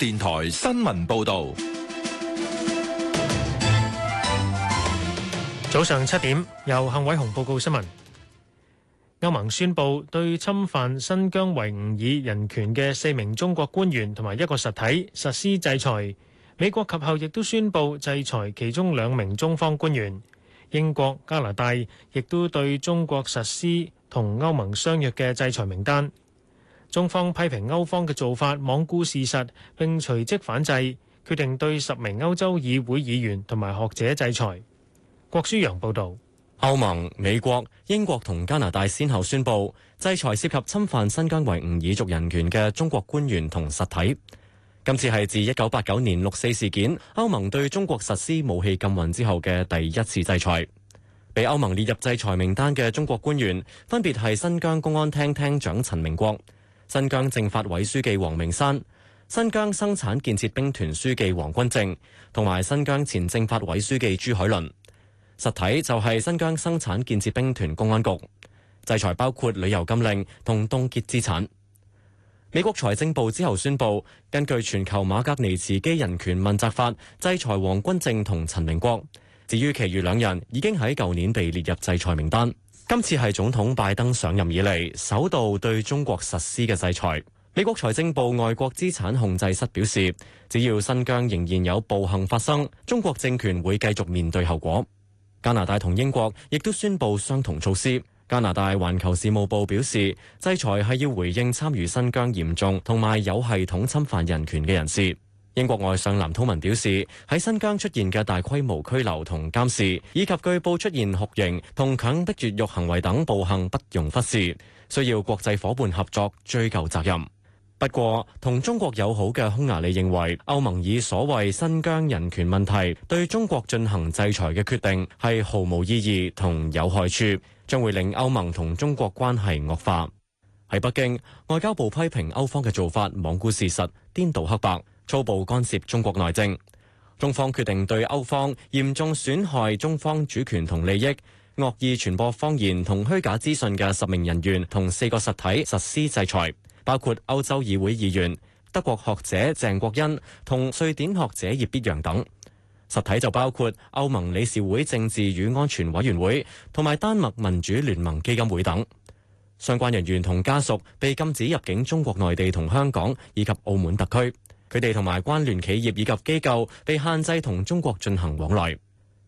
電台新聞報道，早上七點由幸偉雄報告新聞。歐盟宣布對侵犯新疆維吾爾人權嘅四名中國官員同埋一個實體實施制裁，美國及後亦都宣布制裁其中兩名中方官員，英國、加拿大亦都對中國實施同歐盟相約嘅制裁名單。中方批評歐方嘅做法罔顧事實，並隨即反制，決定對十名歐洲議會議員同埋學者制裁。郭舒陽報導。歐盟、美國、英國同加拿大先後宣布制裁涉及侵犯新疆維吾爾族人權嘅中國官員同實體。今次係自一九八九年六四事件，歐盟對中國實施武器禁運之後嘅第一次制裁。被歐盟列入制裁名單嘅中國官員分別係新疆公安廳廳長陳明國。新疆政法委書記王明山、新疆生產建設兵團書記王君正同埋新疆前政法委書記朱海崙，實體就係新疆生產建設兵團公安局，制裁包括旅遊禁令同凍結資產。美國財政部之後宣布，根據全球馬格尼茨基人權問責法，制裁王君正同陳明國。至於其餘兩人，已經喺舊年被列入制裁名單。今次係總統拜登上任以嚟首度對中國實施嘅制裁。美國財政部外國資產控制室表示，只要新疆仍然有暴行發生，中國政權會繼續面對後果。加拿大同英國亦都宣布相同措施。加拿大環球事務部表示，制裁係要回應參與新疆嚴重同埋有系統侵犯人權嘅人士。英國外相藍韜文表示，喺新疆出現嘅大規模拘留同監視，以及據報出現酷刑同強迫絕育行為等暴行，不容忽視，需要國際夥伴合作追究責任。不過，同中國友好嘅匈牙利認為，歐盟以所謂新疆人權問題對中國進行制裁嘅決定係毫無意義同有害處，將會令歐盟同中國關係惡化。喺北京，外交部批評歐方嘅做法罔顧事實，顛倒黑白。粗暴干涉中國內政，中方決定對歐方嚴重損害中方主權同利益、惡意傳播謊言同虛假資訊嘅十名人員同四個實體實施制裁，包括歐洲議會議員、德國學者鄭國恩同瑞典學者葉必揚等，實體就包括歐盟理事會政治與安全委員會同埋丹麥民主聯盟基金會等相關人員同家屬被禁止入境中國內地同香港以及澳門特區。佢哋同埋關聯企業以及機構被限制同中國進行往來。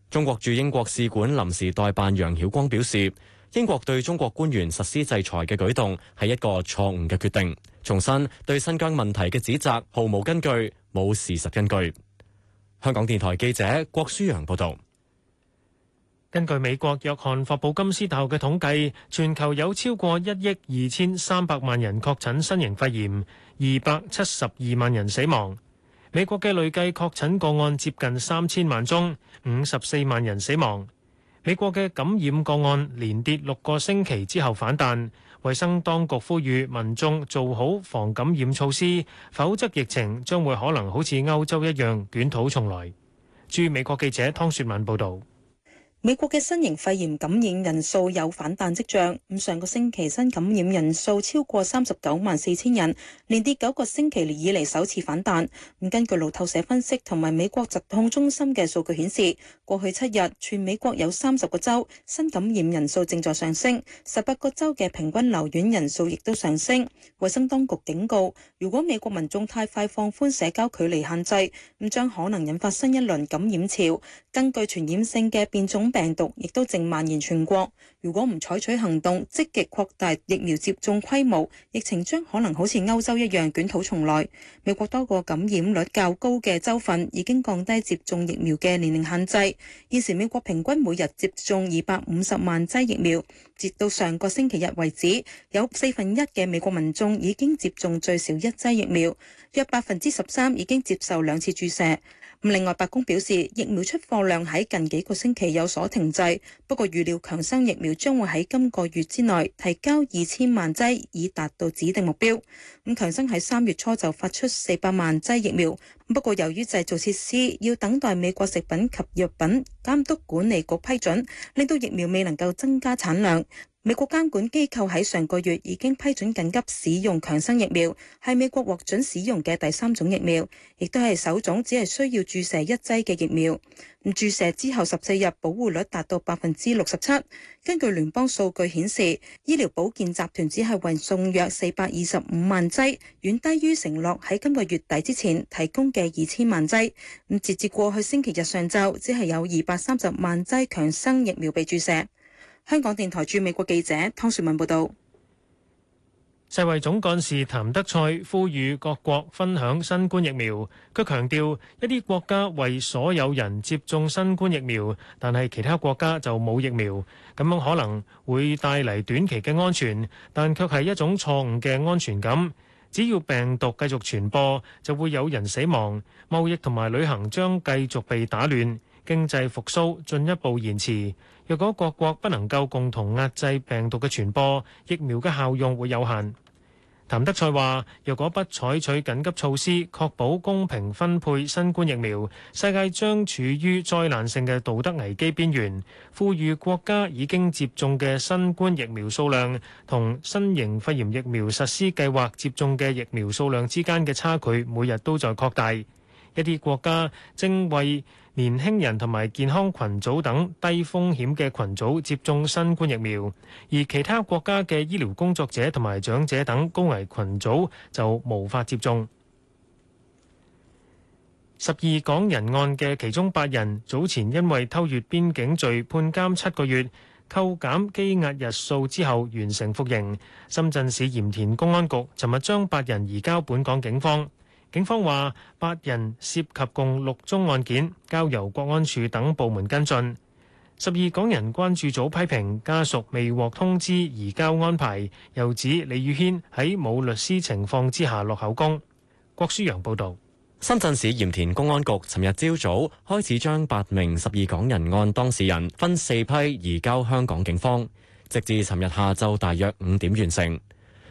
中國駐英國使館臨時代辦楊曉光表示，英國對中國官員實施制裁嘅舉動係一個錯誤嘅決定，重申對新疆問題嘅指責毫無根據，冇事實根據。香港電台記者郭舒揚報道。根據美國約翰霍普金斯大學嘅統計，全球有超過一億二千三百萬人確診新型肺炎，二百七十二萬人死亡。美國嘅累計確診個案接近三千萬宗，五十四萬人死亡。美國嘅感染個案連跌六個星期之後反彈，衛生當局呼籲民眾做好防感染措施，否則疫情將會可能好似歐洲一樣捲土重來。駐美國記者湯雪敏報導。美國嘅新型肺炎感染人數有反彈跡象，咁上個星期新感染人數超過三十九萬四千人，連跌九個星期以嚟首次反彈。咁根據路透社分析同埋美國疾控中心嘅數據顯示，過去七日全美國有三十個州新感染人數正在上升，十八個州嘅平均留院人數亦都上升。衞生當局警告，如果美國民眾太快放寬社交距離限制，咁將可能引發新一輪感染潮。根據傳染性嘅變種病毒亦都正蔓延全國，如果唔採取行動，積極擴大疫苗接種規模，疫情將可能好似歐洲一樣捲土重來。美國多個感染率較高嘅州份已經降低接種疫苗嘅年齡限制。現時美國平均每日接種二百五十萬劑疫苗，直到上個星期日為止，有四分一嘅美國民眾已經接種最少一劑疫苗，約百分之十三已經接受兩次注射。另外，白宮表示疫苗出貨量喺近幾個星期有所停滯，不過預料強生疫苗將會喺今個月之內提交二千萬劑以達到指定目標。咁強生喺三月初就發出四百萬劑疫苗，不過由於製造設施要等待美國食品及藥品監督管理局批准，令到疫苗未能夠增加產量。美國監管機構喺上個月已經批准緊急使用強生疫苗，係美國獲准使用嘅第三種疫苗，亦都係首種只係需要注射一劑嘅疫苗。注射之後十四日保護率達到百分之六十七。根據聯邦數據顯示，醫療保健集團只係運送約四百二十五萬劑，遠低於承諾喺今個月底之前提供嘅二千萬劑。咁截至過去星期日上晝，只係有二百三十萬劑強生疫苗被注射。香港電台駐美國記者湯雪文報道，世衛總幹事譚德賽呼籲各國分享新冠疫苗。佢強調，一啲國家為所有人接種新冠疫苗，但係其他國家就冇疫苗，咁樣可能會帶嚟短期嘅安全，但卻係一種錯誤嘅安全感。只要病毒繼續傳播，就會有人死亡。貿易同埋旅行將繼續被打亂。經濟復甦進一步延遲。若果各國不能夠共同壓制病毒嘅傳播，疫苗嘅效用會有限。譚德塞話：若果不採取緊急措施，確保公平分配新冠疫苗，世界將處於災難性嘅道德危機邊緣。呼籲國家已經接種嘅新冠疫苗數量同新型肺炎疫苗實施計劃接種嘅疫苗數量之間嘅差距，每日都在擴大。一啲國家正為年輕人同埋健康群組等低風險嘅群組接種新冠疫苗，而其他國家嘅醫療工作者同埋長者等高危群組就無法接種。十二港人案嘅其中八人早前因為偷越邊境罪判監七個月，扣減羈押日數之後完成服刑。深圳市鹽田公安局尋日將八人移交本港警方。警方話，八人涉及共六宗案件，交由國安處等部門跟進。十二港人關注組批評家屬未獲通知移交安排，又指李宇軒喺冇律師情況之下落口供。郭舒陽報導，深圳市鹽田公安局尋日朝早開始將八名十二港人案當事人分四批移交香港警方，直至尋日下晝大約五點完成。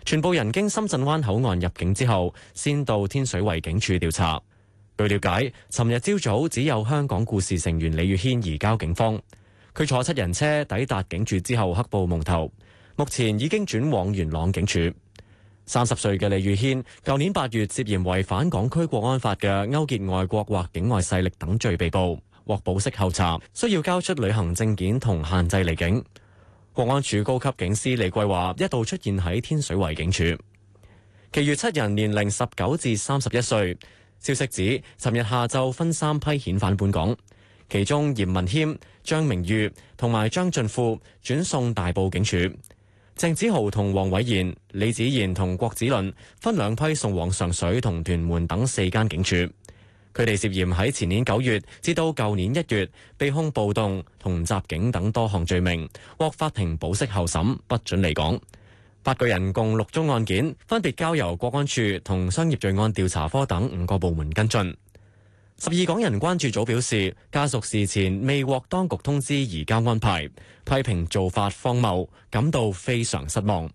全部人經深圳灣口岸入境之後，先到天水圍警署調查。據了解，尋日朝早只有香港故事成員李宇軒移交警方。佢坐七人車抵達警署之後，黑布蒙頭，目前已經轉往元朗警署。三十歲嘅李宇軒，舊年八月涉嫌違反港區國安法嘅勾結外國或境外勢力等罪，被捕，獲保釋候查，需要交出旅行證件同限制離境。國安處高級警司李桂華，一度出現喺天水圍警署，其餘七人年齡十九至三十一歲。消息指，尋日下晝分三批遣返本港，其中嚴文謙、張明裕同埋張俊富轉送大埔警署，鄭子豪同黃偉賢、李子賢同郭子倫分兩批送往上水同屯門等四間警署。佢哋涉嫌喺前年九月至到舊年一月，被控暴動同襲警等多項罪名，獲法庭保釋候審，不准離港。八個人共六宗案件，分別交由國安處同商業罪案調查科等五個部門跟進。十二港人關注組表示，家屬事前未獲當局通知移交安排，批評做法荒謬，感到非常失望。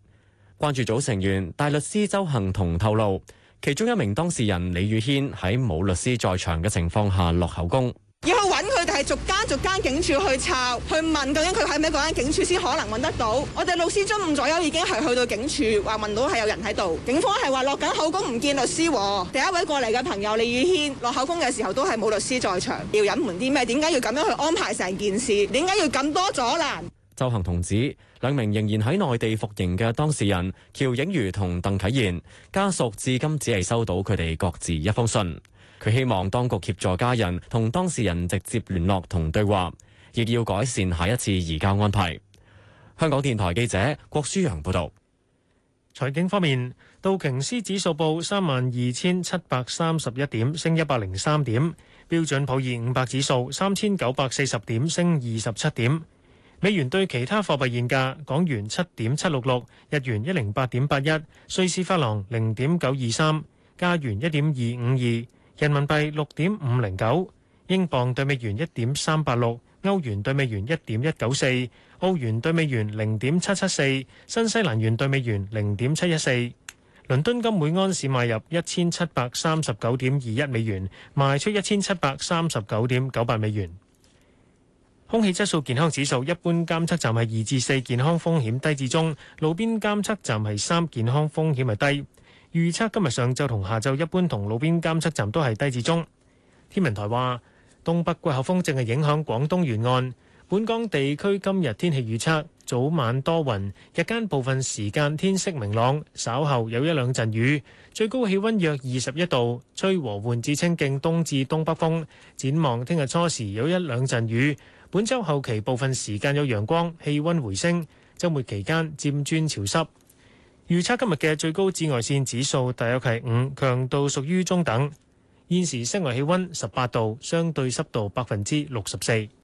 關注組成員大律師周恆同透露。其中一名當事人李宇軒喺冇律師在場嘅情況下落口供，要去揾佢哋，係逐間逐間警署，去查去問，究竟佢喺咩嗰間警署先可能揾得到。我哋律師中午左右已經係去到警署，話問到係有人喺度，警方係話落緊口供，唔見律師。第一位過嚟嘅朋友李宇軒落口供嘅時候都係冇律師在場，要隱瞞啲咩？點解要咁樣去安排成件事？點解要咁多阻攔？周恒同志，兩名仍然喺內地服刑嘅當事人喬影如同鄧啟賢，家屬至今只係收到佢哋各自一封信。佢希望當局協助家人同當事人直接聯絡同對話，亦要改善下一次移交安排。香港電台記者郭舒陽報道。財經方面，道瓊斯指數報三萬二千七百三十一點，升一百零三點；標準普爾五百指數三千九百四十點，升二十七點。美元兌其他貨幣現價：港元七點七六六，日元一零八點八一，瑞士法郎零點九二三，加元一點二五二，人民幣六點五零九，英鎊對美元一點三八六，歐元對美元一點一九四，澳元對美元零點七七四，新西蘭元對美元零點七一四。倫敦金每安士買入一千七百三十九點二一美元，賣出一千七百三十九點九八美元。空氣質素健康指數，一般監測站係二至四，健康風險低至中；路邊監測站係三，健康風險係低。預測今日上晝同下晝一般同路邊監測站都係低至中。天文台話，東北季候風正係影響廣東沿岸，本港地區今日天氣預測早晚多雲，日間部分時間天色明朗，稍後有一兩陣雨。最高氣温約二十一度，吹和緩至清勁東至東北風。展望聽日初時有一兩陣雨，本周後期部分時間有陽光，氣溫回升。周末期間漸轉潮濕。預測今日嘅最高紫外線指數大約係五，強度屬於中等。現時室外氣溫十八度，相對濕度百分之六十四。